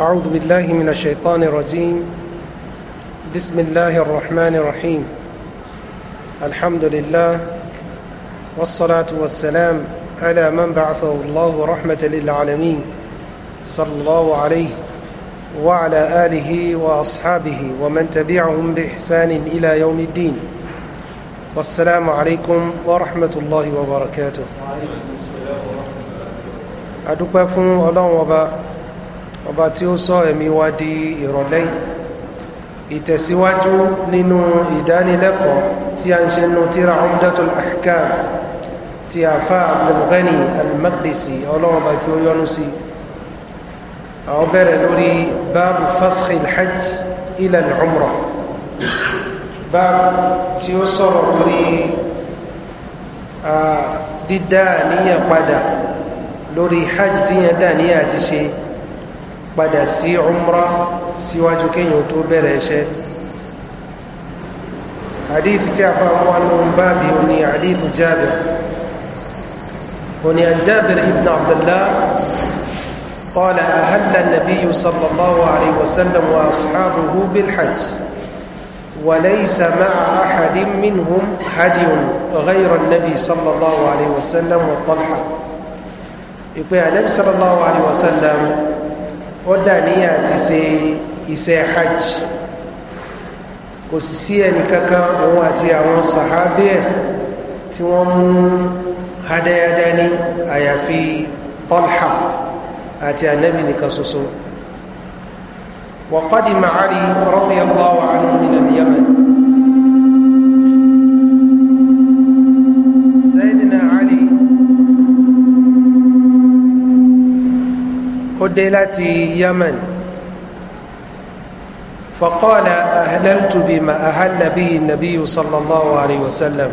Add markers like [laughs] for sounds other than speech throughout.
أعوذ بالله من الشيطان الرجيم بسم الله الرحمن الرحيم الحمد لله والصلاة والسلام على من بعثه الله رحمة للعالمين صلى الله عليه وعلى آله وأصحابه ومن تبعهم بإحسان إلى يوم الدين والسلام عليكم ورحمة الله وبركاته وعليكم السلام ورحمة الله الله وبركاته ọba tí ó sọ ẹ̀mí wa di ìrọ̀lẹ́ ìtẹ̀síwájú nínú ìdánilẹ́kọ̀ọ́ tí a ń ṣe nù tíra umdatul ahkam ti àfá abdulgani al-maqdisi ọlọ́ọ̀bá kí ó yọnu sí àwọn bẹ̀rẹ̀ lórí báàbù fasikhi alhajj ila al báàbù tí ó sọ̀rọ̀ lórí dídá àníyàn padà lórí hajj tí yẹn dá àníyàn ti ṣe padà sí umra síwájú kéyàn tó bẹ̀rẹ̀ iṣẹ́ hadith tí a fa wọn lóun báàbí òní hadith jabir òní an jabir ibn abdullah قال أهل النبي صلى الله عليه وسلم وأصحابه بالحج وليس مع أحد منهم هدي غير النبي صلى الله عليه وسلم والطلحة يقول النبي صلى الله عليه وسلم ó dà níyà àti ṣe iṣẹ́ hajj kò sì sí ẹni kankan òun àti àwọn sàhábí ẹ̀ tí wọ́n mú hadayada ní àyàfi Talha àti ànábì nìkan ṣoṣo wa qadima Ali radiyallahu anhu min al-Yaman dé láti yemen faqala ahlaltu bima ahalla bihi nabiyu sallallahu alayhi wa sallam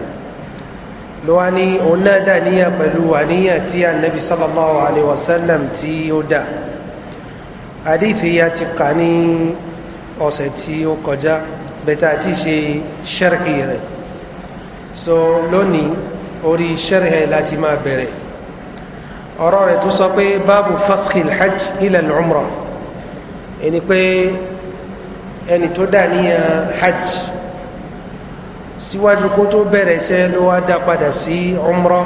ló wá ní òun náà dà níyà pẹ̀lú àníyàn tí anabi sallallahu alayhi wa sallam tí ó dà àdìfẹ́ ya ti kà ní ọ̀sẹ̀ tí ó kọjá bẹ̀tà àti ṣe sharhi rẹ̀ so lónìí orí sharhi láti máa bẹ̀rẹ̀ ọ̀rọ̀ rẹ̀ tó sọ pé báàbù faskil hajj ila al-umra ẹni pé ẹni tó dà níyàn hajj síwájú kó tó bẹ̀rẹ̀ iṣẹ́ ló wá dá padà sí umra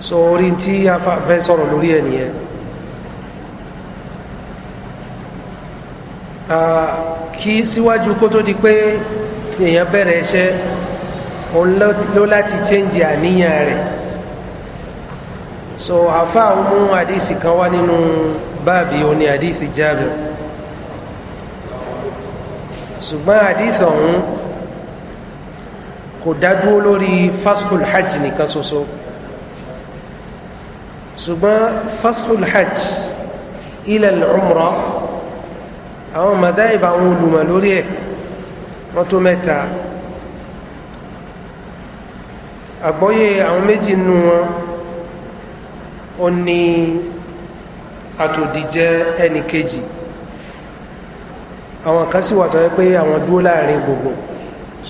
so orí tí a fẹ́ sọ̀rọ̀ lórí ẹ̀ nìyẹn kí síwájú kó tó di pé èèyàn bẹ̀rẹ̀ iṣẹ́ ló láti change àníyàn rẹ̀ so afa mú àdìsí kan wá nínú báàbí oní àdìsí jábẹ ṣùgbọ́n àdìsí ọ̀hún kò dádúró lórí fasikul hajj nìkan ṣoṣo ṣùgbọ́n fasikul hajj ilẹ̀ lọ́mùrọ̀ àwọn mọ̀dáìbà àwọn olùmọ̀ lórí ẹ̀ wọ́n tó mẹ́ta àgbọ́yé àwọn méjì nínú wọn ó ní àtòdíjẹ́ ẹnì kejì àwọn kan sì wà tó yẹ pé àwọn dúró láàrin gbogbo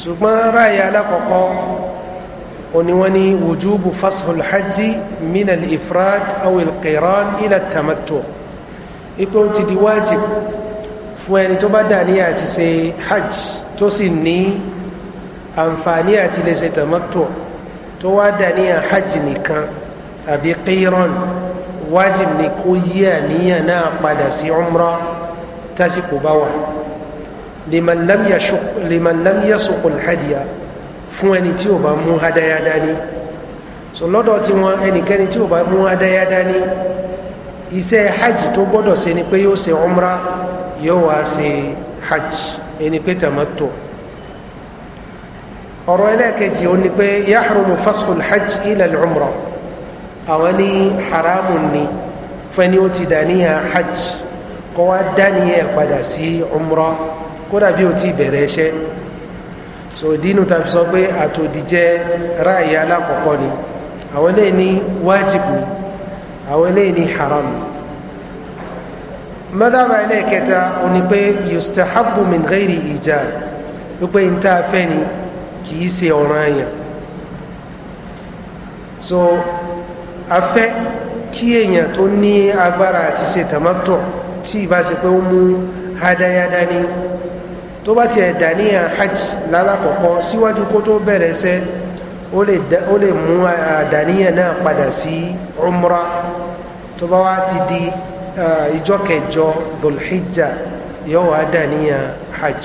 ṣùgbọ́n ráyà alákọ̀ọ́kọ́ òní wọ́n ní wujubu fashul hajji min al-ifrad aw al-qiran ila tamattu ipò ti di wájib fún ẹni tó bá dà ní àti ṣe hajj tó sì ní àǹfààní àti lè ṣe tamattu tó wá dà ní hajj nìkan àbí qiran wájib ni kó yí àníyàn náà padà sí umra tásìkò bá wà liman lam yasukul hadiya fún ẹni tí ò bá mú hadaya dání so lọ́dọ̀ tí wọn ẹnikẹ́ni tí ò bá mú hadaya dání iṣẹ́ hajj tó gbọ́dọ̀ ṣe ni pé yóò ṣe umra yóò wá ṣe hajj ẹni pé tamattu ọ̀rọ̀ ẹlẹ́ẹ̀kejì ó ní pé yahrumu fasful hajj ila umra àwọn ní haramu ni fẹ́ni ó ti dàníyàn hajj kọ́ wá dàníyàn padà sí umrah kódà bí ó ti bẹ̀rẹ̀ iṣẹ́ so dínú tàbí sọ pé àtòdìjẹ́ ráàyè alákọ̀ọ́kọ́ ni àwọn eléyìí ní wájib ni àwọn eléyìí ní haram ni madhaba ẹlẹ́ẹ̀kẹta ó ní pé yustahabu min ghairi ijad wípé n tá a fẹ́ ni kì í ṣe ọ̀ranyàn so a fẹ́ kí èèyàn tó ní agbára àti ṣe tàmátọ̀ tí ìbá ṣe pé ó mú hádáyádá ní tó bá ti ẹ̀dà ní hajj lálàkọ̀kọ́ síwájú kó tó bẹ̀rẹ̀ sẹ́ ó lè mú àdàníyàn náà padà sí umra tó bá wá ti di ìjọ kẹjọ dhulhijja yóò wá dàníyàn hajj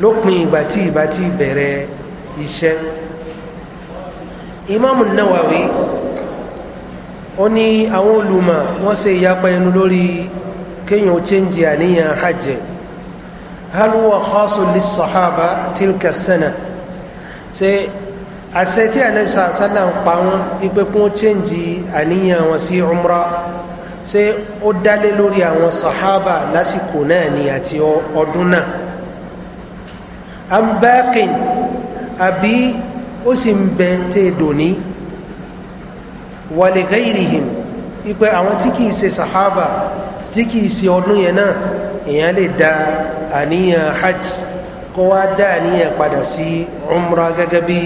lópin ìgbà tí ìbá ti bẹ̀rẹ̀ iṣẹ́ imam nawawi ó ní àwọn olùmọ̀ wọ́n ṣe ìyapa ẹnu lórí kéèyàn ó chéńjì àníyàn hajj hal huwa khasun lis sahaba tilka sana ṣe àṣẹ tí anabi sàlá ń pa wọn ipe kí wọ́n chéńjì àníyàn wọn sí umra ṣe ó dálé lórí àwọn sahaba lásìkò náà ni àti ọdún náà am àbí ó sì ń bẹ tẹ́ dòní wa li ghayrihim ipe àwọn tí kìí ṣe sahaba tí kìí ṣe ọdún yẹn náà èèyàn lè da àníyàn hajj kó wá dá àníyàn padà sí umra gẹ́gẹ́ bí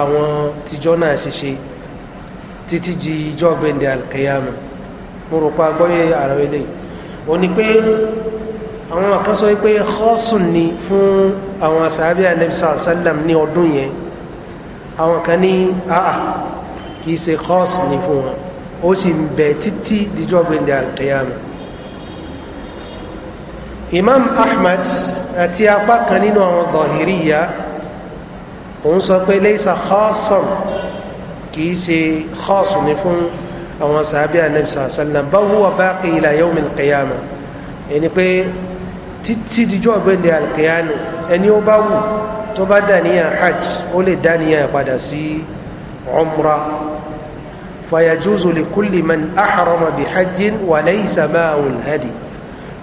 àwọn tìjọ́ náà ṣe ṣe títí di ijọ́ gbẹ̀ndẹ̀ alkiyama mo rò pa gbọ́yé ara eléyìí ó ní pé àwọn kan sọ pé kọ́sùn ni fún àwọn sàábí alẹ́bísà sálàm ní ọdún yẹn àwọn kan ní àà kì í ṣe kọ́ọ̀sì ní fún wọn ó sì ń bẹ títí díjọ́ gbẹ̀ndẹ̀ àkẹyàmù imam ahmad àti apá kan nínú àwọn zahiriya òun sọ pé leysa khasan kì í ṣe khasu ní fún àwọn sàbí anabi sallam bá wúwa baqi ila yawm alqiyama ẹni pé títí díjọ́ gbẹ̀ndẹ̀ àkẹyàmù ẹni ó bá wù tó bá dàníyàn hajj ó lè dàníyàn padà sí umrah fayajuzu li kulli man ahrama bi hajjin wa laysa ma'ahu al-hadi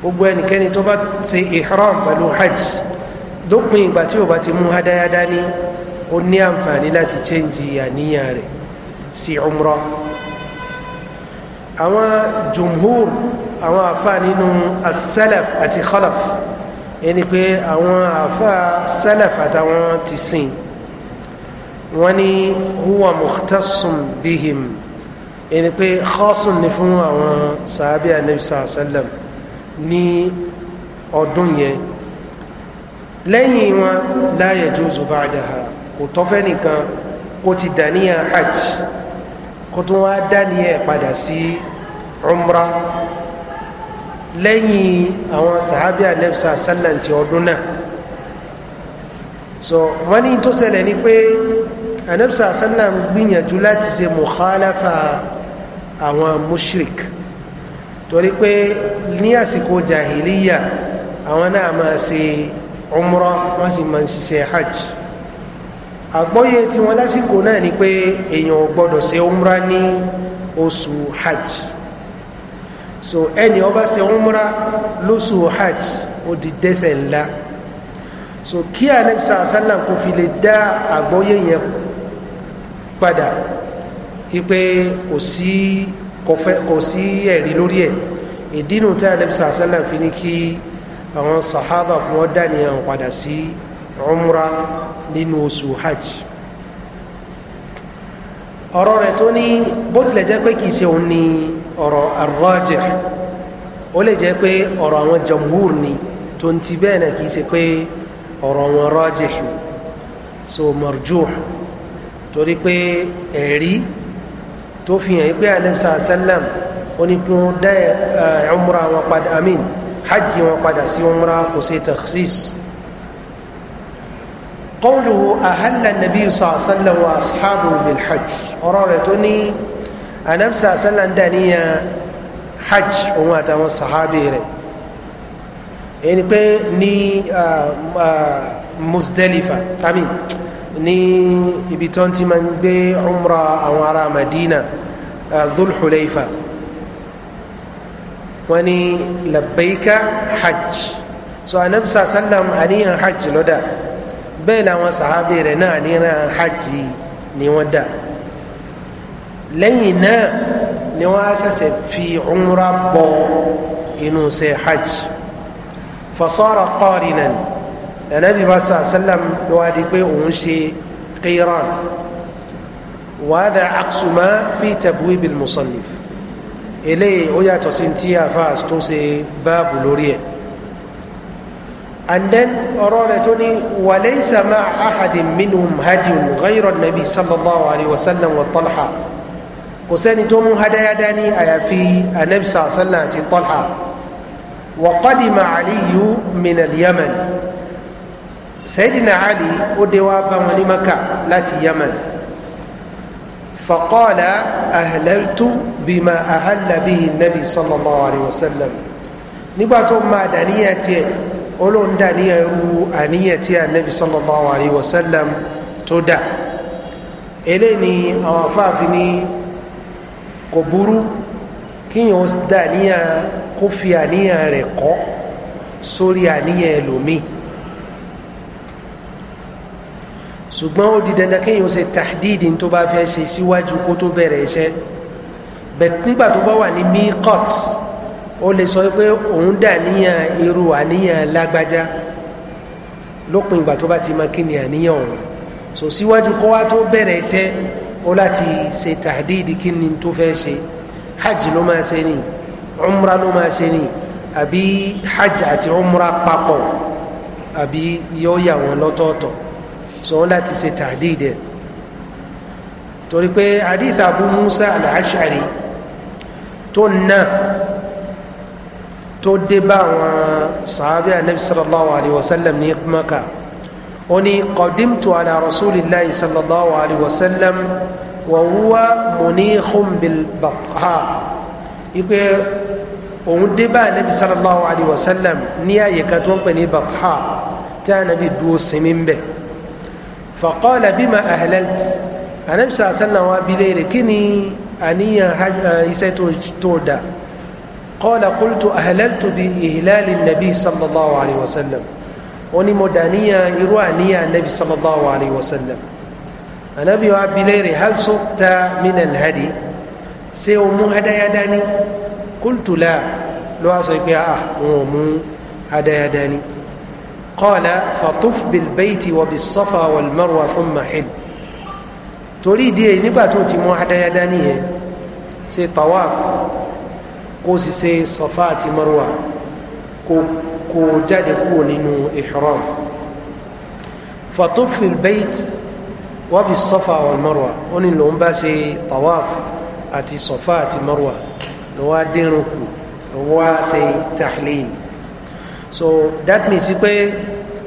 gbogbo ẹnikẹ́ni tó bá ṣe ihram pẹ̀lú hajj dópin ìgbà tí ó bá ti mú hadaya dání ó ní àǹfààní láti chẹ́ǹjì àníyàn rẹ̀ sí umra àwọn jumhur àwọn àfáà nínú as-salaf àti khalaf ẹni pé àwọn àfáà salaf àtàwọn ti sìn wọ́n ní huwa mukhtassun bihim ẹni pé kọ́sùn ni fún àwọn sàábì anabi sàásálàm ní ọdún yẹn lẹ́yìn wọn láyé józù bá dáa kò tọ́fẹ́ nìkan kó ti dàníyà hajj kó tún wá dàníyà padà sí umra lẹ́yìn àwọn sàábì anabi sàásálàm ti ọdún náà so wọ́n ní tó ṣẹlẹ̀ ni pé anabi sàásálàm gbìyànjú láti ṣe mùkálàfà àwọn mushrik torí pé ní àsìkò jahiliya àwọn náà máa ṣe umra wọ́n sì máa ń ṣiṣẹ́ hajj àgbọ́yé tí wọ́n lásìkò náà ni pé èèyàn gbọ́dọ̀ ṣe umra ní oṣù hajj so ẹni ó bá ṣe umra lóṣù hajj ó di dẹ́ṣẹ̀ ńlá so kí anabisa asalam kò fi lè dá àgbọ́yé yẹn padà ipe kò sí kò sí ẹ̀rí lórí ẹ̀ ìdínú tí anabi sàṣẹ́lá fi ní kí àwọn sàhábà kún wọ́n dànìyàn padà sí umra nínú oṣù hajj ọ̀rọ̀ rẹ̀ tó ní bó tilẹ̀ jẹ́ pé kìí ṣe òun ni ọ̀rọ̀ arrajih ó lè jẹ́ pé ọ̀rọ̀ àwọn jamhur ni tó ń ti bẹ́ẹ̀ náà kìí ṣe pé ọ̀rọ̀ wọn rajih ni so marjuh torí pé ẹ̀rí tó fi hàn pé alimsa salam ó ní kí wọ́n dá umra wọn padà amin hajj wọn padà sí umra kò sí takhsis. قوله أهل النبي صلى الله عليه وسلم وأصحابه بالحج أرانتني أنا صلى الله عليه وسلم دانيا حج وما تم الصحابي يعني بني مزدلفة أمين ní ibi tó ti máa ń gbé umra àwọn ará madina uh, dhul hulayfa wọ́n ní labbaika hajj so anabisa sallam àníyàn hajj ló dà bẹ́ẹ̀ làwọn sàhábì rẹ̀ náà àníyàn hajj ni wọ́n dà lẹ́yìn náà ni wọ́n á ṣẹ̀ṣẹ̀ fi umra bọ inú ṣe hajj fasara qarinan anabi wa sallam ló wá di pé òun ṣe qiran wàhádà aksuma fi tabwib al-musannif eléyìí ó yàtọ̀ sí ti àfáà tó ṣe báàbù lórí ẹ̀ and then ọ̀rọ̀ rẹ̀ tó ní wàlẹ́sà máa ahadin minhum hadiyun ghayra nabi sallallahu alayhi wa sallam wa talha kò sẹ́ni tó mú hadaya dání àyàfi anabi sallallahu alayhi àti talha wa qadima aliyu min al sayidina ali ó dé wá bá wọn ní maka láti yaman faqala ahlaltu bima ahalla bihi nabi sallallahu alayhi wa sallam nígbà tó máa dàníyà tiẹ̀ olóhùn dàníyà irú àníyà tí a nabi sallallahu alayhi wa sallam tó dà eléyìí àwọn afáàfin ní kò burú kíyàn ó kó fi àníyàn rẹ̀ kọ́ sórí àníyàn ẹlòmíì ṣùgbọ́n ó di dandan kéèyàn ṣe tahdid tó bá fẹ́ ṣe síwájú kó tó bẹ̀rẹ̀ iṣẹ́ bẹ̀t nígbà tó bá wà ní miqat ó lè sọ pé òun dà níyàn irú àníyàn lágbájá lópin ìgbà tó bá ti máa kí ni àníyàn òun so síwájú kó wá tó bẹ̀rẹ̀ iṣẹ́ ó láti ṣe tahdid kí ni tó fẹ́ ṣe hajj ló máa ṣe ni umra ló máa ṣe ni àbí hajj àti umra papọ̀ àbí yóò yà wọn lọ́tọ̀ọ̀tọ̀ so wọn láti ṣe tàdídẹ torí pé hadith abu musa al-ashari tó nà tó dé bá àwọn sàábẹ́ anabi sallallahu alayhi wa sallam ní maka ó ní qadimtu ala rasulillahi sallallahu alayhi wa sallam wa huwa munikhun bil baqha ipe òun dé bá anabi sallallahu alayhi wa ní àyíká tó ń pè ní baqha tí anabi dúró sinmi ń bẹ́ẹ̀ faqala bima ahlalt anabi sàlá sàlá wa bi léèrè kí ni àníyàn iṣẹ́ tó dà qala qultu ahlaltu bi ihlali nabi sallallahu alayhi wa sallam wọ́n ní mo dàníyàn irú àníyàn nabi sallallahu alayhi wa sallam anabi wa bi léèrè hal sukta min alhadi ṣé o mú hadaya dání qultu la lọ́wọ́ sọ pé ah wọn ò mú hadaya dání. قال فطف بالبيت وبالصفا والمروة ثم حل torí ìdí èyí nígbà tó ti mú adáyadá nìyẹn ṣe tawaf kó sì ṣe sọfá àti marwa kó kó jáde kúrò nínú ihram fatuf ilbeit wabi sọfà wal marwa ó ní lòun bá ṣe tawaf àti sọfá àti marwa lọ́wọ́ adẹ́rùn kù lọ́wọ́ ṣe tahlil so that means pé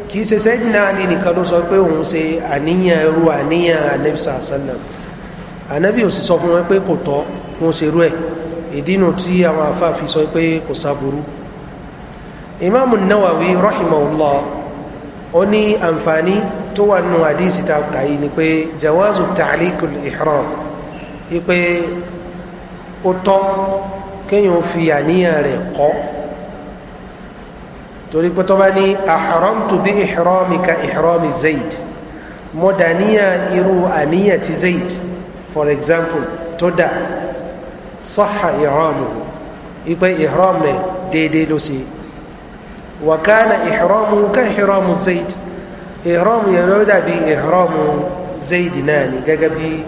kì í ṣe sẹ́yìn náà ní nìkan ló sọ pé òun ṣe àníyàn ẹrú àníyàn anabi sàṣánà anabi ò sì sọ fún wọn pé kò tọ́ fún ṣe rú ẹ̀ ìdínú tí àwọn afa fi sọ pé kò sáburú imaamu nawawi rahimahullah ó ní àǹfààní tó wà nù àdísì ta kàyí ni pé jawazu ta'liqul ihram ipe ó tọ́ kéèyàn fi àníyàn rẹ̀ kọ́ torí pé tó bá ní ahramtu bí ihramika ihrami zayd mo dàníyàn irú àníyàn ti zayd for example tó dà sọ́hà ihramu ipe ihram rẹ̀ déédéé ló ṣe wàkánà ihramu ká ihramu zayd ihramu yẹn ló dàbí ihramu zayd náà ni gẹ́gẹ́ bí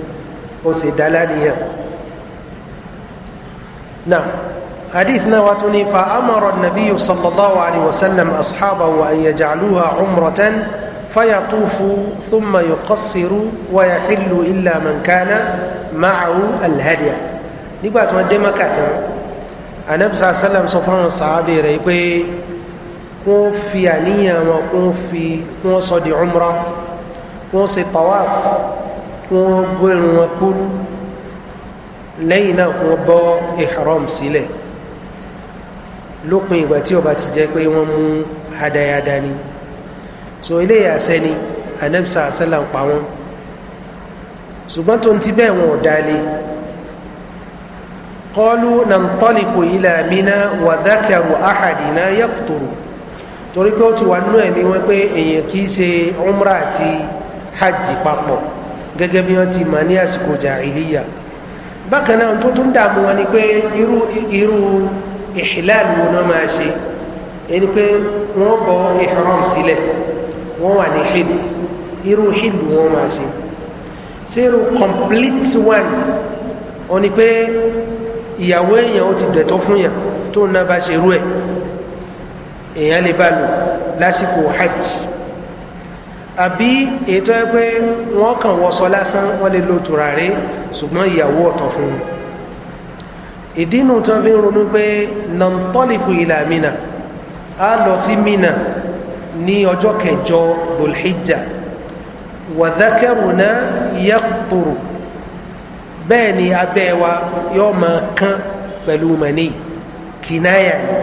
ó ṣe dá lánìyàn náà. حديث نواتني فأمر النبي صلى الله عليه وسلم أصحابه أن يجعلوها عمرة فيطوف ثم يقصر ويحل إلا من كان معه الهدي نبقى تودي مكاتا النبي صلى الله عليه وسلم صفان الصحابي ريبي كون في عنيا وكون في كون صدي عمرة كون صي طواف كون قول وكل لينا كون بو إحرام سيليه lópin ìgbà tí ọba ti jẹ́ pé wọ́n mú hadaya dání so eléyà sẹ́ni anabisa asẹ́là ń pa wọ́n ṣùgbọ́n tó ń ti bẹ́ẹ̀ wọn ò dalẹ̀ kọlu na ntọ́lìkù ilẹ̀ àmìnà wà dákẹ̀rù àhàdìnà yẹ́kùtòrò torí pé ó ti wà nínú ẹ̀mí wọn pé èèyàn kì í ṣe umra àti hajj papọ̀ gẹ́gẹ́ bí wọ́n ti mà ní àsìkò jà bákan náà tó tún dààmú wọn ni pé irú irú. irú ìhìláàlù wọn náà máa ṣe ẹni pé wọ́n bọ́ ìhram sílẹ̀ wọ́n wà ní hìlù irú hìlù wọn máa ṣe sẹ́rù complete one wọ́n ni pé ìyàwó èèyàn ó ti dẹ̀tọ́ fún yàn tó ń ná bá ṣe rú ẹ̀ èèyàn lè bá lò lásìkò hajj àbí ètò ẹ pé wọ́n kàn wọ́sọ lásán wọ́n lè lo tùràrí ṣùgbọ́n ìyàwó ọ̀tọ̀ fún un ìdínú tó fi ń ronú pé nantoliku ilà mina a lọ sí mina ní ọjọ́ kẹjọ dhulhijja wàdákẹ́rùnà yàtòrò bẹ́ẹ̀ ni abẹ́ wa yóò máa kán pẹ̀lú mani kìnnáyà ni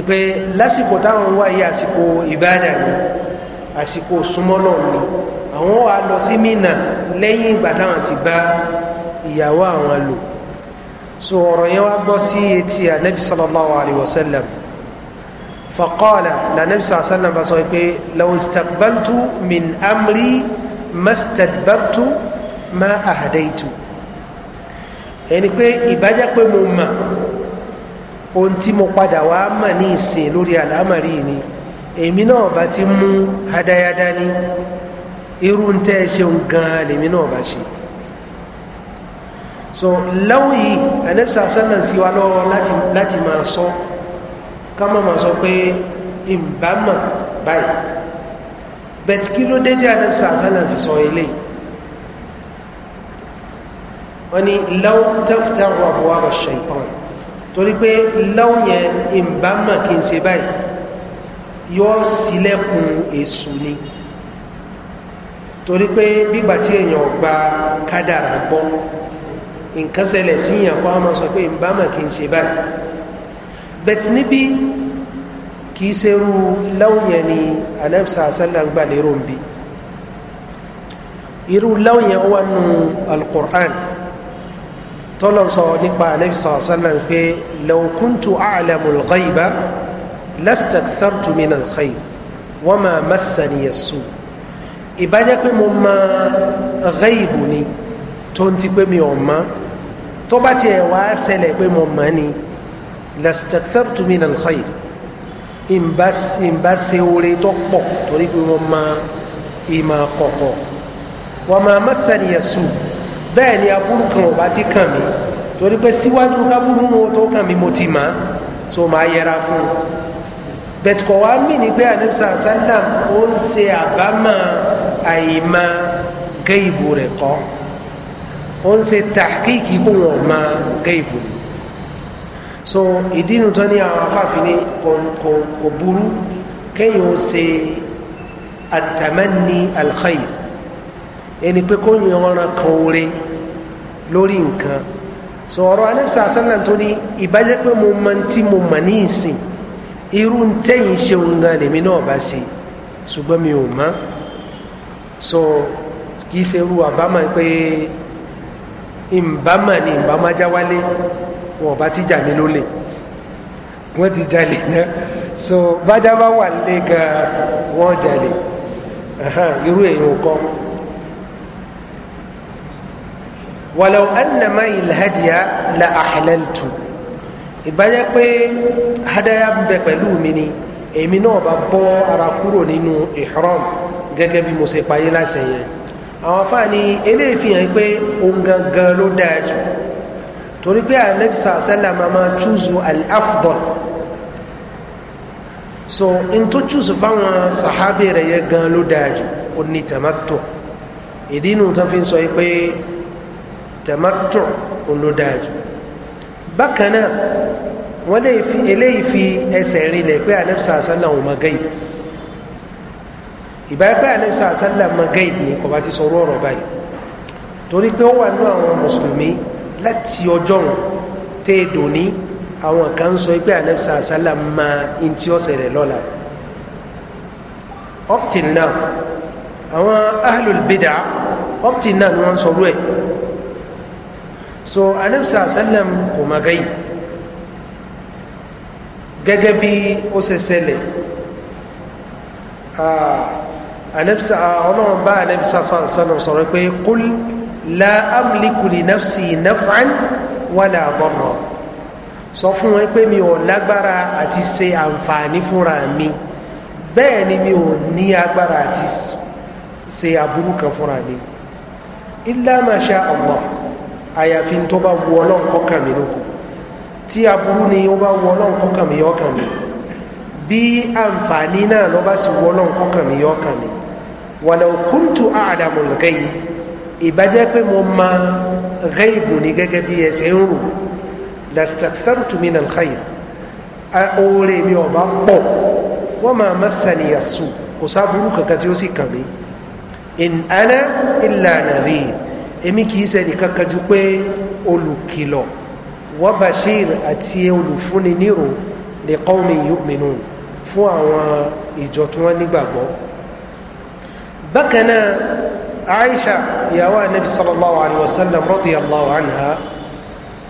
ìpè lásìkò táwọn wá yìí àsìkò ìbádà ni àsìkò súnmọ́nà ni àwọn wa lọ sí mina lẹ́yìn ìgbà táwọn ti bá ìyàwó àwọn lò so ọ̀rọ̀ yẹn wá gbọ́ sí etí anabi sallallahu alayhi wa sallam faqala la anabi sallallahu alayhi wa sallam sọ pé law istaqbaltu min amri mastadbartu ma ahadaitu ẹni pé ìbájá pé mo mà ohun tí mo padà wá mà ní ìsìn lórí àlámàrí ni èmi náà bá ti mú hadayada ní irú ń tẹ́ ṣeun gan-an lèmi náà bá ṣe so lẹ́wọ̀n yìí ẹ̀nẹ́bísà sẹ́nà sí wa lọ́wọ́ láti láti máa sọ ká má máa sọ pé ìbámà báyìí bẹ̀t kí ló dé jẹ́ ẹ̀nẹ́bísà sẹ́nà fi sọ eléyìí wọ́n ní lẹ́wọ̀n tẹ́fùtẹ́ àwọn àbúwá bọ̀ ṣe ìtàn torí pé lẹ́wọ̀n yẹn ìbámà kì í ṣe báyìí yóò sílẹ̀kùn èṣù ni torí pé bígbà tí èèyàn gba kádàrá gbọ́ nǹkan ṣẹlẹ̀ sí yàn kọ́ ọmọ sọ pé ìbámu kì í ṣe báyìí bẹ̀tì níbi kì í ṣerú láwùyẹn ni anabisa sallam gbà lérò ń bi irú láwùyẹn wà nù alukur'an tọ́lọ̀ sọ nípa anabisa sallam pé lẹ́wọ̀kúntù àlẹ́mùl ghaiba lẹ́sítẹ̀kítàrtù mi nà lẹ́yìn wọ́n máa mẹ́sàn-án yẹ̀ sùn ìbájẹ́ pé mo máa ghaibu ni tó ń ti pé mi ò mọ́ tó bá tiẹ̀ wá ṣẹlẹ̀ pé mo mọ́ ni lastakthartu min alkhair ìmbá ṣe oore tó pọ̀ torí pé mo mọ ìmọ̀ kọ̀kọ̀ wa ma massani yasu bẹ́ẹ̀ ni aburú kan ò bá ti kàn mí torí pé síwájú kábúrú mo tó kàn mí mo ti mọ̀ so máa yẹra fún un bẹ́ẹ̀ kọ̀ wá mí ni pé anabisa sallam ó ń ṣe àbámọ̀ àyè máa gé ìbò rẹ̀ kọ́ ó ń ṣe tàkíkì kó wọn ma géèbù ni so ìdínú tó ní àwọn afáfin ní kò burú kéèyàn ó ṣe àtàmánì alkhair ẹni pé kó yan ọ̀ràn kan oore lórí nǹkan so ọ̀rọ̀ anabisa asalam tó ní ìbájẹ́ pé mo mọ tí mo mọ̀ ní ìsìn irú ntẹ́yìn ṣeun gan lèmi náà bá ṣe ṣùgbọ́n mi ò mọ̀ so kì í ṣe irú àbámọ̀ pé ìmbámà ni ìmbámájá wálé wọn bá ti jà mí lólè wọn ti jalè náà so bájá bá wà lé gan wọn jalè irú èèyàn kọ. wàlọ́ ẹnàmá ìlhadìyà la àhàlẹ́lìtù ìbájá pé hadaya ń bẹ pẹ̀lú mi ni èmi náà bá bọ́ ara kúrò nínú ihram gẹ́gẹ́ bí mo ṣe payé láṣẹ yẹn àwọn afáà ni eléyìí fi hàn pé ohun gangan ló dáa jù torí pé anabi sàṣẹlá máa máa chúùsù al so n tó chúùsù fáwọn sàhábì rẹ̀ yẹ gan ló dáa jù ó ní tamato ìdí inú tó fi ń sọ pé tamato ó ló dáa jù bákan náà wọ́n lè fi eléyìí fi ẹsẹ̀ rinlẹ̀ pé anabi sàṣẹlá ò máa gẹ̀yìn ìbáyẹ̀pẹ́ àlẹ́bísà àṣálà magaid ní kọba ti sọ ọ̀rọ̀ báyìí torí pé ó wà ní àwọn mùsùlùmí láti ọjọ́ wọn tẹ́ ẹ dòní àwọn kan sọ pé àlẹ́bísà àṣálà ma in tí ó ṣẹlẹ̀ lọ́la up now àwọn ahlul bidà now ni wọ́n sọ rú ẹ̀ so àlẹ́bísà àṣálà kò magaid gẹ́gẹ́ bí ó ṣe ṣẹlẹ̀ ah, anabisa ọlọ́run bá anabisa sọ̀rọ̀ sọ̀rọ̀ pé kúl la amlikuli nafsi nafan wàlà àbọ̀rọ̀ sọ fún wọn pé mi ò lágbára àti ṣe àǹfààní fúnra mi bẹ́ẹ̀ ni mi ò ní agbára àti ṣe aburú kan fúnra mi ilá máa ṣe Allah àyàfi tó bá wu ọlọ́run kọ́kàn mi lóko tí aburú ni ó bá wu ọlọ́run kọ́kàn mi yọ̀ọ̀kàn mi bí àǹfààní náà lọ́ bá wu ọlọ́run kọ́kàn mi yọ̀ọ̀kàn mi wàlẹ̀ òkúntù àdàmù gẹ̀yì ìbàjẹ́ pé mo ma gẹ́ìbù ní gẹ́gẹ́ bí ẹsẹ̀ ń rù lastakthartu min alkhair oore mi ọba pọ̀ wọ́n máa masani yasu kò sáburú kankan tí ó sì kàn mí in ana illa nadhir èmi kì í ṣẹ́ni kankan ju pé olùkìlọ̀ wa bashir àti olùfúnni nírò li qawmin yu'minun fún àwọn ìjọ tí wọ́n nígbàgbọ́ بكنا náà aisha ìyàwó صلى الله عليه وسلم رضي الله عنها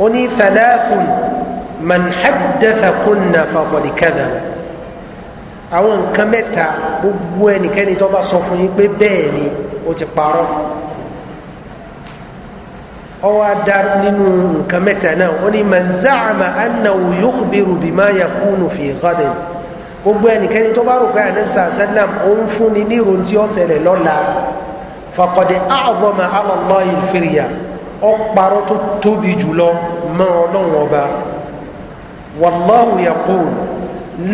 أني ní من حدث كنا kunna faqad kadhaba àwọn nǹkan mẹ́ta gbogbo ẹnikẹ́ni tó bá sọ fún yín pé bẹ́ẹ̀ ni ó ti parọ́ ọwọ́ adá nínú nǹkan mẹ́ta náà ó ní man za'ama annahu yukhbiru bima yakunu fi ghadin gbogbo ẹnikẹ́ni tó bá rò pé anabi sàlám ó ń fúnni ní ìròyìn tí ó ṣẹlẹ̀ lọ́la fàkọ̀dé àbọ̀mọ̀ àlọ́lọ́ ìfìrìyà ó parọ́ tó tóbi jùlọ mọ́ ọlọ́run ọba wàlláhu yaqul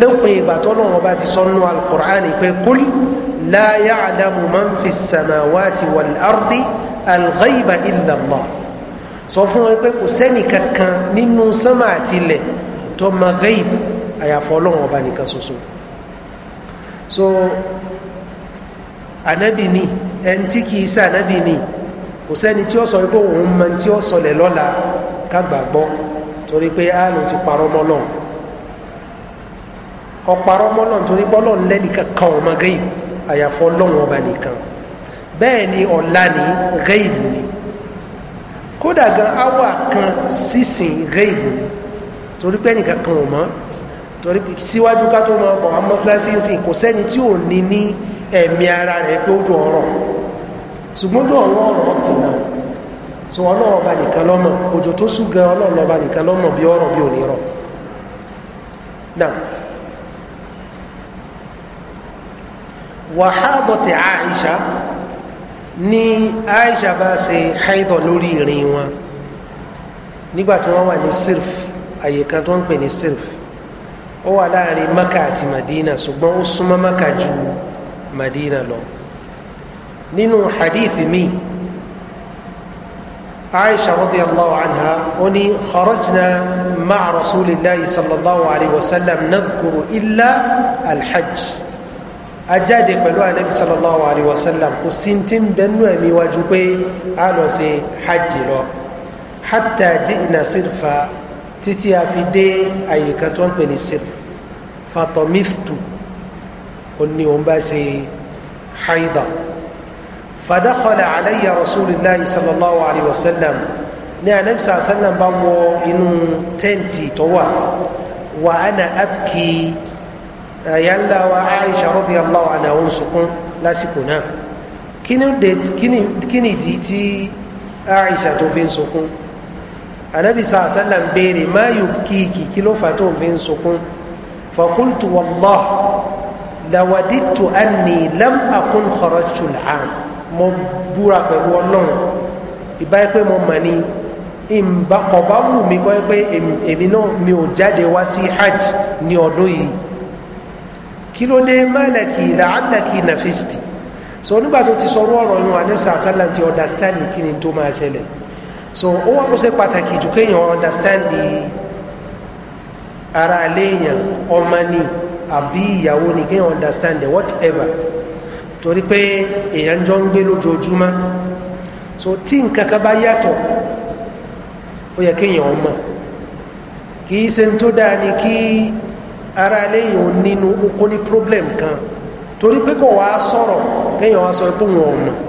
lópin ìgbà tó ọlọ́run ọba ti sọ alukur'an pé kúl láyà àdàmú máa ń fi sàmáwáti wàlárdi alghaiba illallah sọ fún wọn pé kò sẹ́nì nínú sánmà àtilẹ̀ tó ma ghaib àyàfọ́ ọlọ́run ọba nìkan soso. so ànábì ni ẹni tí kìí sá ànábì ni kò sẹ́ni tí ó sọ wípé òun mọ tí ó sọlẹ̀ lọ́la ká gbàgbọ́ torí pé áàlù ti parọ́ mọ́ náà ọ̀parọ́ mọ́ náà torí pé ọlọ́run lẹ́nìkan kan ọmọ gẹ́yìn àyàfọ́ ọlọ́run ọba nìkan bẹ́ẹ̀ ni ọ̀la ni gẹ́yìn ni kódà gan awa kan sísìn gẹ́yìn ni torí pé ẹnìkan kan ò torí síwájú ká tó máa bọ̀ amọ́síláṣí ń sìn kò sẹ́ni tí ò ní ní ẹ̀mí ara rẹ̀ pé ó dùn ọ̀rọ̀ ṣùgbọ́n dùn ọ̀rọ̀ ọ̀rọ̀ ti nà ọlọ́run ọba nìkan lọ́mọ òjò tó sùn gan ọlọ́run ọba nìkan lọ́mọ bí ọ̀rọ̀ bí ò wàhábọ̀tì àìṣà ní àìṣà bá ṣe haidọ̀ lórí ìrìn wọn nígbà tí wọ́n wà ní sirf àyè kan tó ń pè ní sirf ó wà láàrin maka àti madina ṣùgbọ́n ó súnmọ́ maka ju madina lọ nínú hadith mi aisha radiyallahu anha ó ní kharajna ma'a rasulillahi sallallahu alayhi wa sallam nadhkuru illa alhajj ajáde pẹ̀lú anabi sallallahu alayhi wa sallam kò sí ti ń bẹnu ẹ̀mí wájú pé a lọ sí hajj lọ hatta ji'na sirfa títí a fi dé àyè kan tó ń pè ní sèp fatomiftu ó ní òun bá ṣe haida fadakhala alayya rasulillahi sallallahu alayhi wa sallam ní anamsa sallam bá wọ inú tẹ́ǹtì tó wà wa ana abki yàlla wa aisha radiyallahu anha ń sunkún lásìkò náà kí ni ìdí tí aisha tó fi ń anabi sa sallam béèrè má yubkiki kí ló fà tó fi ń sunkún fakultu wallah lawaditu anni lam akun kharajtu al'am mo búra pẹ̀lú ọlọ́run ìbáyé pé mo mọ̀ ní ìmbà kọ̀bá wù mí kọ́ pé èmi náà mi ò jáde wá sí hajj ní ọdún yìí kí ló dé málẹ̀kì so nígbà tó ti sọ ọ̀rọ̀ ọ̀rọ̀ yìí wà ní ti understand kí ni tó máa ṣẹlẹ̀ so ó wá kó ṣe pàtàkì jù kéèyàn understand ara léèyàn ọmọ ni àbí ìyàwó ni kéèyàn understand whatever torí pé èèyàn jọ ń gbé lójoojúmọ́ so tí nǹkan kan bá yàtọ̀ ó yẹ kéèyàn ọmọ kì í ṣe tó dáa ni kí ara léèyàn ò nínú oko ní problem kan torí pé kò wá sọ̀rọ̀ kéèyàn wá sọ pé òun ọ̀mọ̀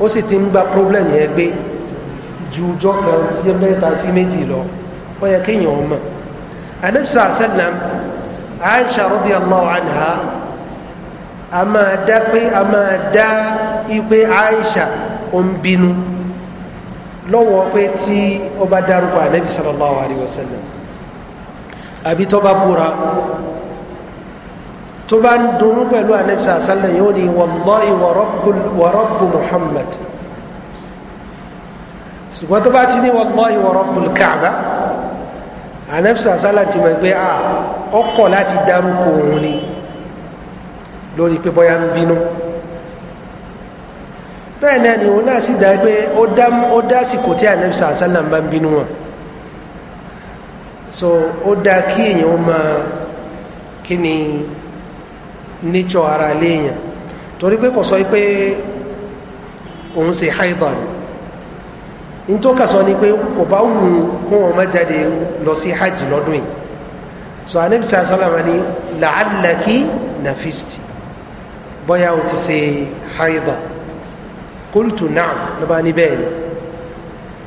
ó sì ti ń gba problem yẹn gbé ju ọjọ́ kan sí mẹ́ta sí méjì lọ ó yẹ kéèyàn ọmọ anabisa sallam aisha radiyallahu anha a máa dá pé a máa dá ipe aisha ó ń bínú lọ́wọ́ pé tí ó bá dárúkọ anabi sallallahu alayhi wa sallam àbí tó bá búra tó bá ń dunnú pẹ̀lú anabi sallallahu yóò ní wallahi wa muhammad ṣùgbọ́n tó bá ti ní wallahi wa rabbul Kaaba anabisa sálà ti mọ̀ pé a ah, ọkọ̀ láti dárúkọ òun ni lórí pé bọ́yá ń bínú bẹ́ẹ̀ náà ni òun náà sì dá pé ó dá sìkò tí anabisa sálà bá ń bínú wọn so ó dá kí èèyàn máa kí ni nature ara léèyàn torí pé kò sọ pé òun ṣe haidọ̀ ni ntọ́ka sọ ni pé kò bá wù kó wọn má jáde lọ sí hajj lọ́dún yìí so anabi sá sálàmà ni làálàkì nàfíìsì bọ́yá o ti ṣe haidà kúlùtù náà ló bá ní bẹ́ẹ̀ ni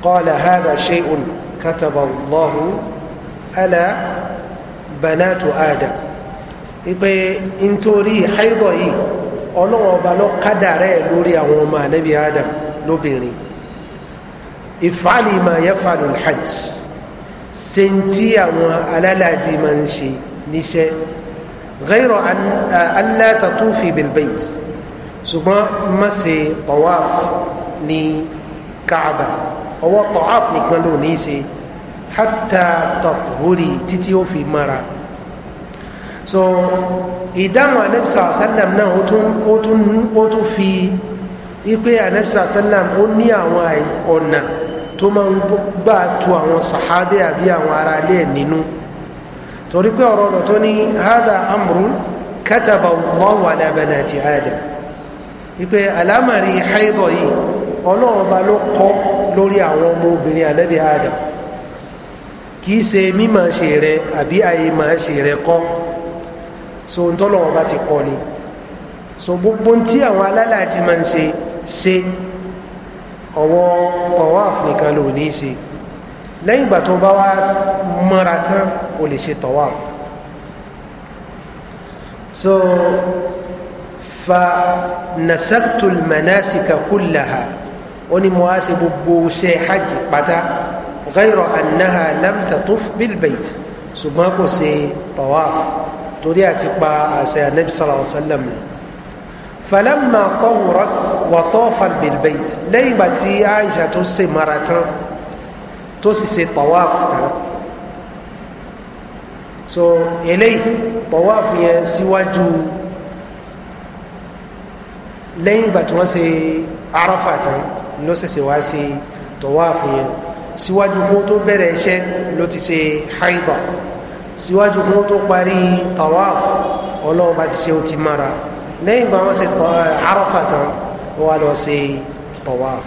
qala hadha shay'un kataba allahu ala banatu adam ipe nítorí haidà yìí ọlọ́wọ́n ọba ló kádàrẹ́ lórí àwọn ọmọ anabi adam lóbìnrin ìfàlì máa yẹ fàlù hajj ṣe ń tí àwọn alálàájì máa ń ṣe níṣẹ́ gẹ́rọ alátàtúfì bilbait ṣùgbọ́n má ṣe tọ́wáf ní káàbà ọwọ́ tọ́wáf nìkan ló ní ṣe hátà tọ̀tùhúrì títí ó fi mara so ìdáhùn anẹ́bísà sálàm náà ó tún fi wípé anẹ́bísà sálàm ó ní àwọn ọ̀nà tó máa ń gbà tu àwọn sàhábẹ́ àbí àwọn ará ilé ẹ̀ nínú torí pé ọ̀rọ̀ ọ̀nà tó ní hada amrun kataba Allahu ala banati Adam wípé àlámàrí haidọ̀ yìí ọlọ́run ọba ló kọ́ lórí àwọn ọmọ obìnrin ànábì Adam kìí ṣe mímọ̀ ṣe rẹ àbí àyè máa ṣe rẹ kọ́ so ń tọ́lọ́run ọba ti kọ́ ni so gbogbo tí àwọn alálàájì máa ń ṣe ṣe ọwọ́ tawaf nìkan ló ní ṣe lẹ́yìn ìgbà tó bá wá mọ́ra tán o lè ṣe tawaf so fa nasaktul manasika kullaha ó ní mo á ṣe gbogbo ṣe hajj pátá ghayra annaha lam tatuf bil bayt ṣùgbọ́n kò ṣe tawaf torí àti pa àṣẹ anabi sallallahu alaihi wa falamma tahurat wa tafa bilbait lẹ́yìn ìgbà tí aisha tó ṣe mara tán tó sì ṣe tawaf tán so eléyìí tawaf yẹn síwájú lẹ́yìn ìgbà tí wọ́n ṣe arafa tán ló ṣẹ̀ṣẹ̀ wá ṣe tawaf yẹn síwájú kó tó bẹ̀rẹ̀ iṣẹ́ ló ti ṣe haida síwájú kó tó parí tawaf ọlọ́run bá ti ṣe ó ti mara lẹ́yìn ìgbà wọn ṣe Arafa tán wọ́n wá lọ ṣe tawaf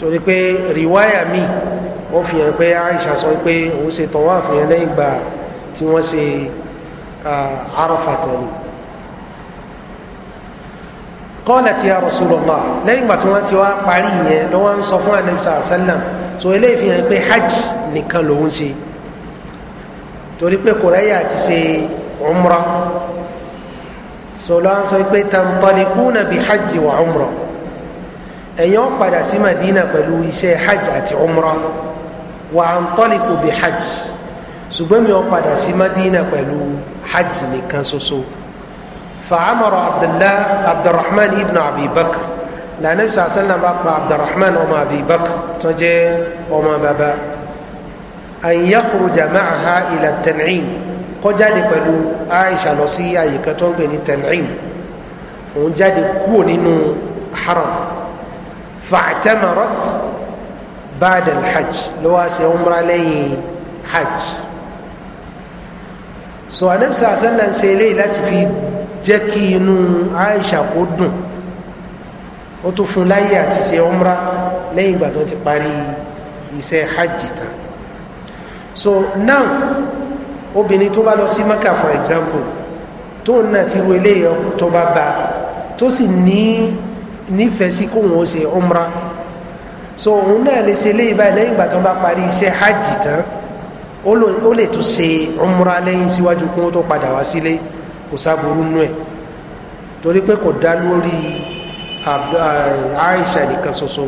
torí pé rìwáyà mi ó fi hàn pé Aisha sọ pé òun ṣe tawaf yẹn lẹ́yìn ìgbà tí wọ́n ṣe Arafa tán ni qalat ya Rasulullah lẹ́yìn ìgbà tí wọ́n ti wá parí yẹn lọ́wọ́ ń sọ fún Ànábì sallallahu alaihi eléyìí fi hàn pé hajj nìkan lòun ṣe torí pé kò ráyè àti ṣe umra sọlá ń sọ pé tantalikuna bi hajj wa umra ẹ̀yàn padà sí madina pẹ̀lú iṣẹ́ hajj àti umra wa antaliku bi hajj ṣùgbọ́n mi ò padà sí madina pẹ̀lú hajj nìkan ṣoṣo fa'amara abdullah abdulrahman ibn abi bakr lànà bisalasa nàbà pa abdulrahman ọmọ abi tó jẹ́ ọmọ bàbá an yakhruja ma'aha ila tan'im kó jáde pẹ̀lú aisha lọ sí àyíká tó ń pè ní tan'im òun jáde kúrò nínú haram fa'tamarat ba'da al-hajj ló wá ṣe umra lẹ́yìn hajj so anabisa asanna ń ṣe eléyìí láti fi jẹ́ kí inú aisha kó dùn ó tún fún láyé àti ṣe umra lẹ́yìn ìgbà tó ti parí iṣẹ́ hajj tán so now obìnrin tó bá lọ sí maka for example tó ń náà ti ru eléyìí tó bá ba tó sì ní nífẹ̀ẹ́ sí kóun ó ṣe umra so òun náà lè ṣe eléyìí báyìí lẹ́yìn ìgbà tó bá parí iṣẹ́ hajj tán ó lè tún ṣe umra lẹ́yìn síwájú kó tó padà wá sílé kò sáburú nú ẹ̀ torí pé kò dá lórí Aisha nìkan ṣoṣo.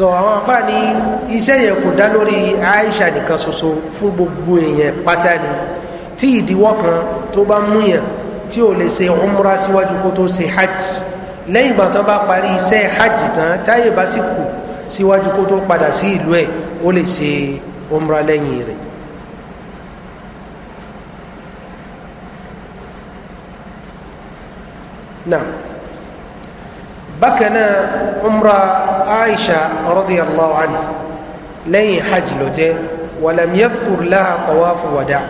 so àwọn afáà ní iṣẹ́ yẹn kò dá lórí Aisha nìkan Soso fún gbogbo èèyàn pátá ni tí ìdíwọ́ kan tó bá mú yàn tí ò lè ṣe umra síwájú kó tó ṣe hajj lẹ́yìn ìgbà tán bá parí iṣẹ́ hajj tán táyè bá sì kù síwájú kó tó padà sí ìlú ẹ̀ ó lè ṣe umra lẹ́yìn rẹ̀. náà bákan náà umra aisha radiyallahu anha lẹ́yìn hajj ló jẹ́ walam yadhkur laha tawafu wada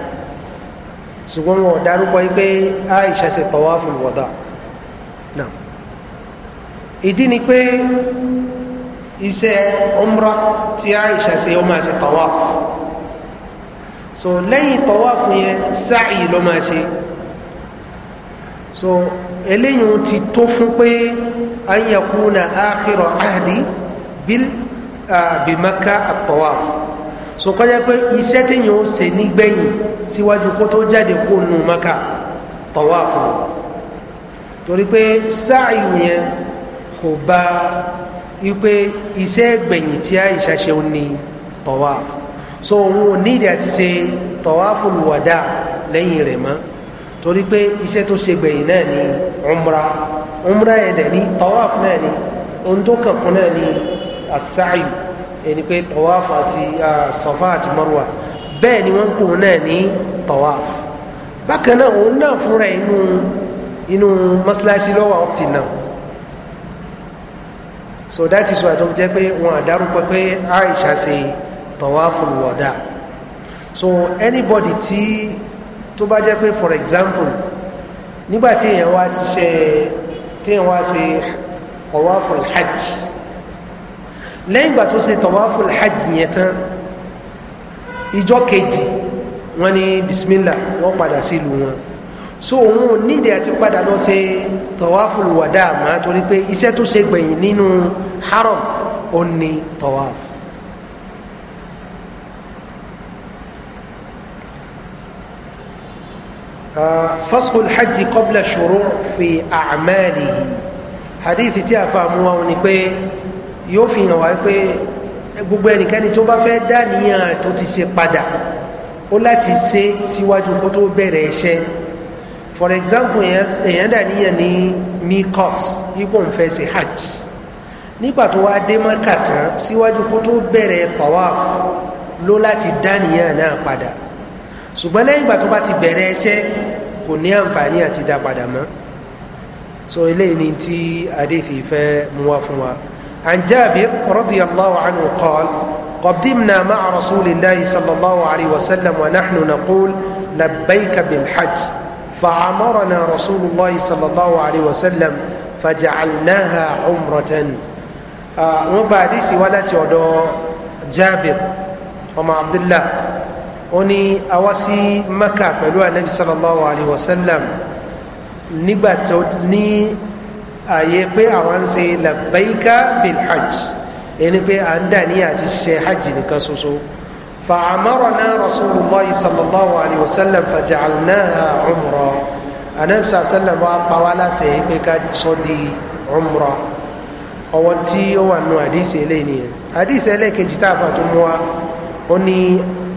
ṣùgbọ́n wọn dárúkọ pé aisha ṣe tawafu wada náà ìdí ni pé iṣẹ́ umra tí aisha ṣe ó máa ṣe tawafu so lẹ́yìn tawafu yẹn sáì ló máa ṣe so eléyìí ti tó fún pé. أن يكون آخر عهد bil بمكة الطواف، at-tawaf so kọjá pé iṣẹ́ tí yóò ṣe nígbẹ̀yìn síwájú kó tó jáde kó nu Makkah tawaf torí pé sáà yẹn kò bá wípé iṣẹ́ gbẹ̀yìn tí Àìṣà ṣe ní tawaf so òun ò ní ìdí àti ṣe tawaful wada lẹ́yìn rẹ̀ mọ́ torí pé iṣẹ́ tó ṣe gbẹ̀yìn náà ni umra umra ẹ̀dẹ̀ ní tawaf náà ni ohun tó kàn kún náà ni asáyù ẹni pé tawaf àti safa àti marwa bẹ́ẹ̀ ni wọ́n ń pò náà ní tawaf bákan náà òun náà fúnra inú inú mọ́sálásí lọ́wọ́ up till so that is why tó jẹ́ pé wọn àdárúkọ pé Aisha ṣe tawaful wada so anybody tí tó bá jẹ́ pé for example nígbà tí èèyàn wá ṣiṣẹ́ tí wọ́n ṣe tawaful hajj lẹ́yìn ìgbà tó ṣe tawaful hajj yẹn tán ìjọ kejì wọ́n ní bismillah wọ́n padà sílùú wọn so òun ò nídìí àti padà lọ ṣe tawaful wàdà àmọ́ torí pé iṣẹ́ tó ṣe gbẹ̀yìn nínú haram ó ní tawaf فصل hajj قبل ṣòro في أعماله. حديث tí a fa يوفي wa ni pé yóò fi hàn wá pé gbogbo ẹnikẹ́ni tó bá fẹ́ dá níyàn tó ti ṣe padà ó láti ṣe síwájú kó tó bẹ̀rẹ̀ iṣẹ́ for example èèyàn dà níyàn ní mikot ipò ń fẹ́ ṣe hajj nígbà tó wá dé mọ́kà tán síwájú kó tó bẹ̀rẹ̀ tawaf ló láti dá níyàn náà padà ṣùgbọ́n lẹ́yìn ìgbà tó bá ti bẹ̀rẹ̀ iṣẹ́ kò ní àǹfààní àti dá padà mọ́ so eléyìí ni tí adéfì fẹ́ mú wá fún wa عن جابر رضي الله عنه قال قدمنا مع رسول الله صلى الله عليه وسلم ونحن نقول لبيك بالحج فعمرنا رسول الله صلى الله عليه وسلم فجعلناها عمرة وبعد سوالة جابر ومع عبد الله ó ní awa sí maka pẹ̀lú anabi sallallahu alayhi wa sallam nígbà tó ní ààyè pé àwọn ń ṣe labbaika bil hajj ẹni pé à ń dà ní àti ṣe hajj nìkan ṣoṣo fa amarana rasulillahi sallallahu alayhi wa sallam faja'alnaha umra anabi sallallahu alayhi wa wa pa wá láṣẹ pé di umra ọwọ́ tí ó wà nù àdìsẹ́ lẹ́yìn nìyẹn àdìsẹ́ lẹ́kejì tá a fà tó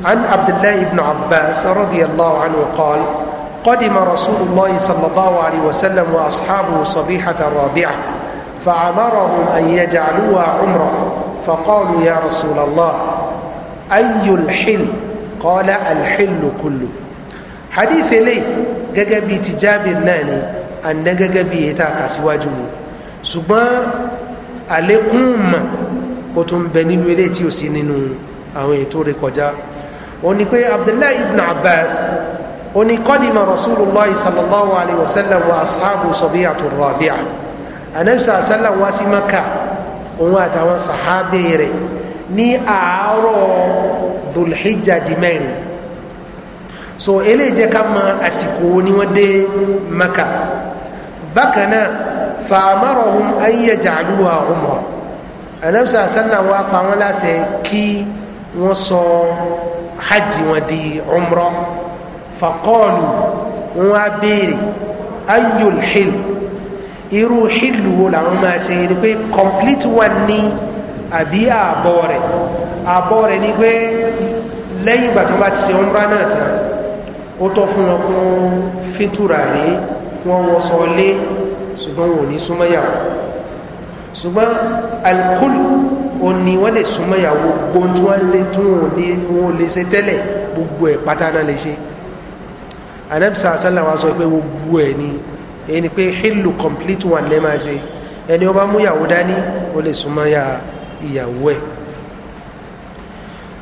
عن عبد الله بن عباس رضي الله عنه قال قدم رسول الله صلى الله عليه وسلم وأصحابه صبيحة رابعة فأمرهم أن يجعلوها عمرة فقالوا يا رسول الله أي الحل قال الحل كله حديث لي جاجبي تجاب الناني أن جاجبي هتاك سواجني سبا عليكم كتم بني الوليتي وسنين أو يتوري قجا òní pé abdullahi ibn abbas òní kọ́lìmà rasulillah sallallahu alayhi wa sallam wa ashabu sọ̀bíyà tó rọ̀bíà anamsa sallam wá sí maka òun àtàwọn sàhábé rẹ̀ ní àárọ̀ dùlhíjà di mẹ́rin so eléyìí jẹ́ ká mọ àsìkò ni wọ́n dé maka bákan náà fàmárọ̀hún ayé jàdúwà ọmọ anamsa sallam wá pa wọn láṣẹ kí wọ́n sọ hajj wọn di umrọ faqalu wọn á béèrè ayul hil irú hilu wo làwọn máa ṣe ni pé complete one ní àbí ààbọ̀ rẹ̀ ààbọ̀ rẹ̀ ni pé lẹ́yìn ìgbà tó bá ti ṣe umrọ náà tán ó tọ́ fún wọn kún fìtura rèé wọn wọ sọ lé ṣùgbọ́n wọn ò ní súnmọ́ yàwó ṣùgbọ́n alkul ó ní wọ́n lè súnmọ́ ìyàwó gbogbo tí wọ́n lè tún wọn lè ṣe tẹ́lẹ̀ gbogbo ẹ̀ pátá náà lè ṣe anabisa asala sọ pé gbogbo ẹ̀ ni ẹni pé hílù complete one lè máa ṣe ẹni ó bá mú ìyàwó dání ó lè súnmọ́ ìyàwó ẹ̀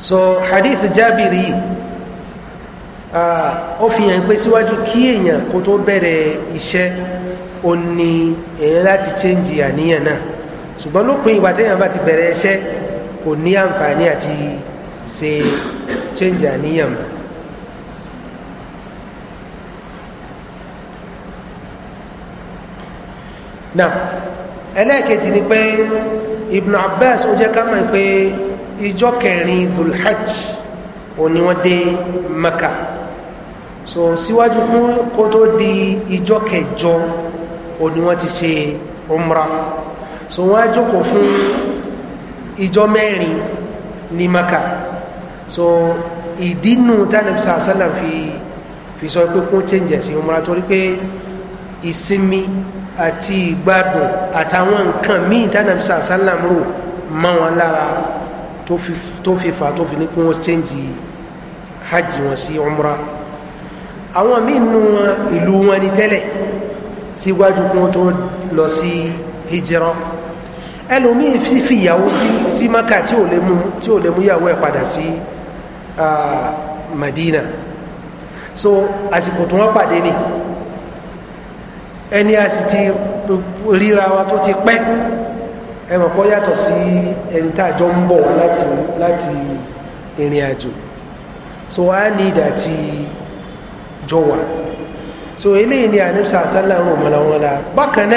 so hadith jábìrì yìí ó fi hàn pé síwájú kí èèyàn kó tó bẹ̀rẹ̀ iṣẹ́ ó ní èèyàn láti change àníyàn náà ṣùgbọ́n lópin ìgbà téèyàn bá ti bẹ̀rẹ̀ iṣẹ́ kò ní àǹfààní àti ṣe change àníyàn mọ́. náà ẹlẹ́ẹ̀kejì ni pé Ibn Abbas ó jẹ́ ká mọ̀ pé ìjọ kẹrin Dhul-Hajj ní wọ́n dé Maka so síwájú kó tó di ìjọ kẹjọ ó ní wọ́n ti ṣe umrah so wọ́n á jókòó fún ìjọ mẹ́rin ní maka so ìdínú tánàbísà sálàm fi fi sọ pé kún changes ìmúra torí pé ìsinmi àti ìgbádùn àtàwọn nǹkan míì tánàbísà sálàm rò mọ́ wọn lára tó fi fà tó fi ní kún wọ́n hajj wọn sí umra àwọn míì nù ìlú wọn ni tẹ́lẹ̀ síwájú kún tó lọ sí hijira ẹlòmíì fífi ìyàwó sí maka tí ò lè mú tí ò lè mú ìyàwó ẹ̀ padà sí madina so àsìkò tí wọ́n pàdé ni ẹni a sì ti ríra wa tó ti pẹ́ ẹ mọ̀ yàtọ̀ sí ẹni tá a jọ ń bọ̀ wá láti láti ìrìn àjò so a ní ìdá ti jọ wà so eléyìí ni àníbsà sálà ń rò mọ́ra wọn la bákan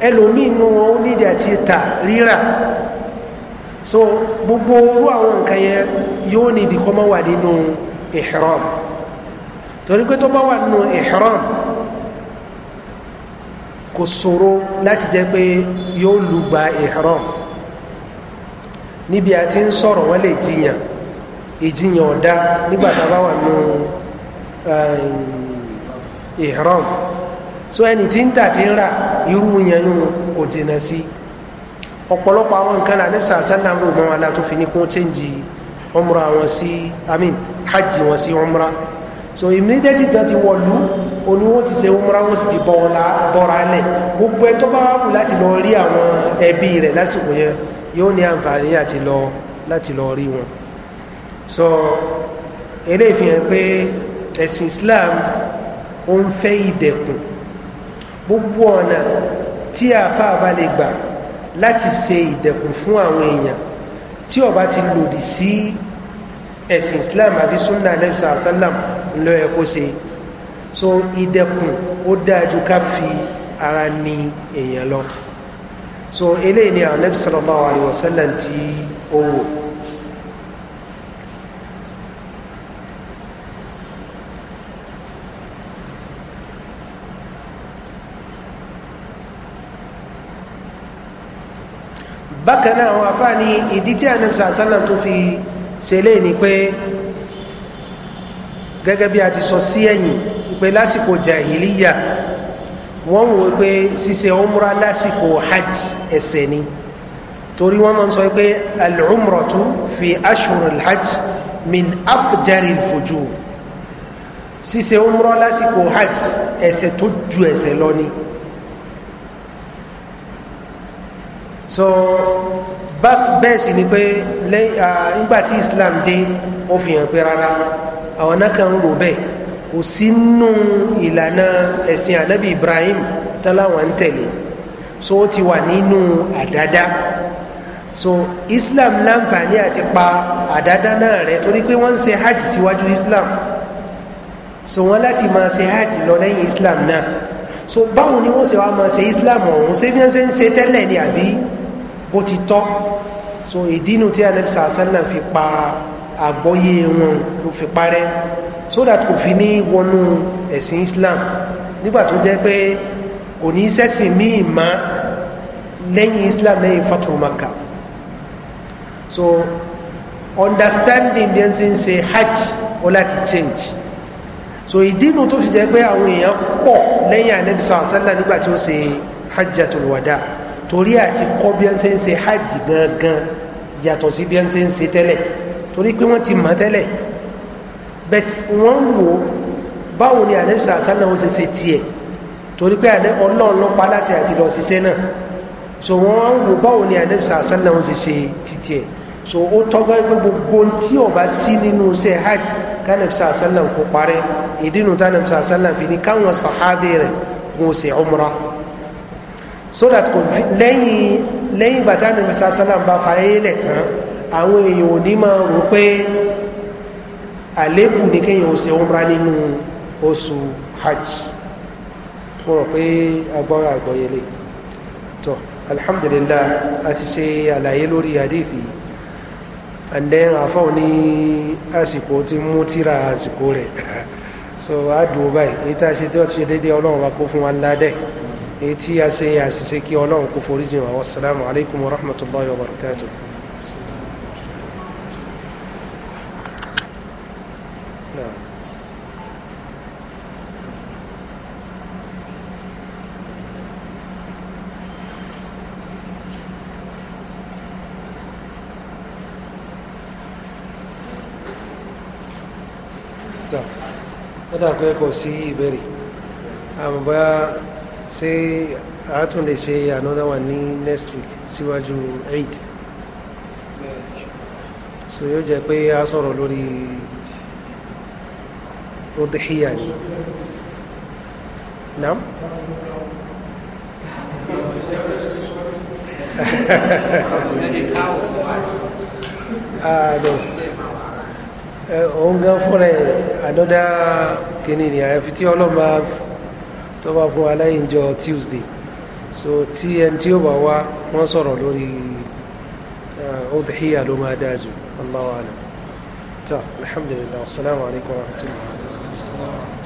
ẹlòmíì inú wọn ó nídìí àti tà rírà so gbogbo orú àwọn nǹkan yẹn yóò nídìí kọ́ mọ́ wà nínú ihram torí pé tó bá wà nínú ihram kò ṣòro láti jẹ́ pé yóò lùgbà ihram níbi àti ń sọ̀rọ̀ wọ́n lè jiyàn ìjiyàn ọ̀dá nígbà bá wà nínú eh, ihram so ẹni tí ń tà ti ń rà irú yẹnu kò jìnà sí ọ̀pọ̀lọpọ̀ àwọn nǹkan náà nípa sàlám ló mọ́ alá tó fi ní kún chẹ́ǹjì ọmọra wọn sí amin hajj wọn sí ọmọra so immediately tó ti wọ̀lú oní wọn ti ṣe ọmọra wọn sì ti bọ́ra lẹ̀ gbogbo ẹ tó bá wà wù láti lọ rí àwọn ẹbí rẹ̀ lásìkò yẹn yóò ní àǹfààní àti lọ láti lọ rí wọn so eléyìí fi hàn pé ẹ̀sìn Islam ó ń fẹ́ ìdẹ̀kùn gbogbo ọ̀nà tí àáfàá bá lè gbà láti ṣe ìdẹ̀kùn fún àwọn èèyàn tí ó bá ti lòdì sí ẹ̀sìn islam àbí sunna alẹ́ sàlám lọ ẹ̀ kó ṣe so ìdẹ̀kùn ó dájú ká fi ara ní èèyàn lọ so eléyìí ni àwọn alẹ́ sàlám àlẹ́ tí ó wò. bákan náà àwọn afá ní ìdí tí anamsa asalam tó fi ṣẹlẹ̀ ni pé gẹ́gẹ́ bí a ti sọ sí ẹ̀yìn pé lásìkò jahiliya wọ́n wò pé ṣíṣe umra lásìkò hajj ẹ̀ṣẹ̀ ni torí wọ́n máa ń sọ pé al fi ashur al-hajj min afjari al-fujur umra lásìkò hajj ẹ̀ṣẹ̀ tó ju ẹ̀ṣẹ̀ lọ ni. so bẹ́ẹ̀ sì ni pé nígbà tí islam dé ó fi hàn pé rárá àwọn náà kan ń rò bẹ́ẹ̀ kò sínú ìlànà ẹ̀sìn ànábì ibrahim táláwọn ń tẹ̀lé so ó ti wà nínú àdádá so islam láǹfààní àti pa àdádá náà rẹ torí pé wọ́n ń ṣe hajj síwájú islam so wọ́n láti máa ṣe hajj lọ lẹ́yìn islam náà so báwo ni wọ́n se wá máa ṣe islam ọ̀hún ṣé bí wọ́n ń ṣe tẹ́lẹ̀ ni àbí bó ti tọ́ so ìdínú tí anabi sàásánlá fi pa àgbọ́yé wọn ló fi parẹ́ so that kò fi ní wọnú ẹ̀sìn islam nígbà tó jẹ́ pé kò ní sẹ́sìn míì má lẹ́yìn islam lẹ́yìn fatu maka so understanding bí ẹn ṣe ń ṣe hajj ó láti change so ìdínú tó fi jẹ́ pé àwọn èèyàn pọ̀ lẹ́yìn anabi sàásánlá nígbà tí ó ṣe hajjatul wada' torí àti kọ́ bí wọ́n ṣe ń ṣe hajj gangan yàtọ̀ sí bí wọ́n ṣe ń ṣe tẹ́lẹ̀ torí pé wọ́n ti mọ̀ tẹ́lẹ̀ bẹ́ẹ̀ wọ́n ń wò báwo ni ànábì sàásán náà ṣe ṣe tiẹ̀ torí pé ọlọ́run ló pa láṣẹ àti lọ ṣiṣẹ́ náà so wọ́n ń wò báwo ni ànábì sàásán náà ṣe ṣe tiẹ̀ so ó tọ́gbọ́ pé gbogbo tí ó bá sí nínú iṣẹ́ hajj kánàbì sàásán náà kò parẹ́ ìdí nu tánàbì sàásán náà fi ni káwọn sàhábì rẹ̀ wọn ò ṣe umrah so that kò fi lẹ́yìn lẹ́yìn ìgbà tí àmì mẹ́sà sálàm bá fa ayé lẹ̀ tán àwọn èèyàn ò ní máa rò pé àlébù ní kéèyàn ò ṣe umra nínú oṣù hajj mo rò pé agbọ́rọ̀ àgbọ́yẹlé tó alhamdulillah a ti ṣe àlàyé lórí àdéfì and then àfọ́ ní àsìkò tí mú tíra àsìkò rẹ̀ [laughs] so a dùn báyìí èyí tá a ṣe tí wọ́n ti ṣe déédéé ọlọ́run wa kó fún wa ńlá dẹ́ẹ̀. èyí tí a ṣe àṣìṣe kí ọlọ́run kò forí jìn wá wasalaamu alaykum wa rahmatulahi wa barakatuh. ó dà pé kò sí ìbéèrè àmọ́ bá. ṣé a tún lè ṣe another one ní next week síwájú eid so yóò jẹ́ pé a sọ̀rọ̀ lórí udhiya ni naam [laughs] ah no eh, òun gan fúnra ẹ̀ another kìnìún ni àyàfi tí ọlọ́mọ tó bá fún wa lẹ́yìn jọ tuesday so tí ẹni tí ó bá wá wọ́n sọ̀rọ̀ lórí eh, udhiya ló máa dáa jù Allahu a'lam tó alhamdulillah assalamu alaikum wa rahmatullahi wa barakatuh.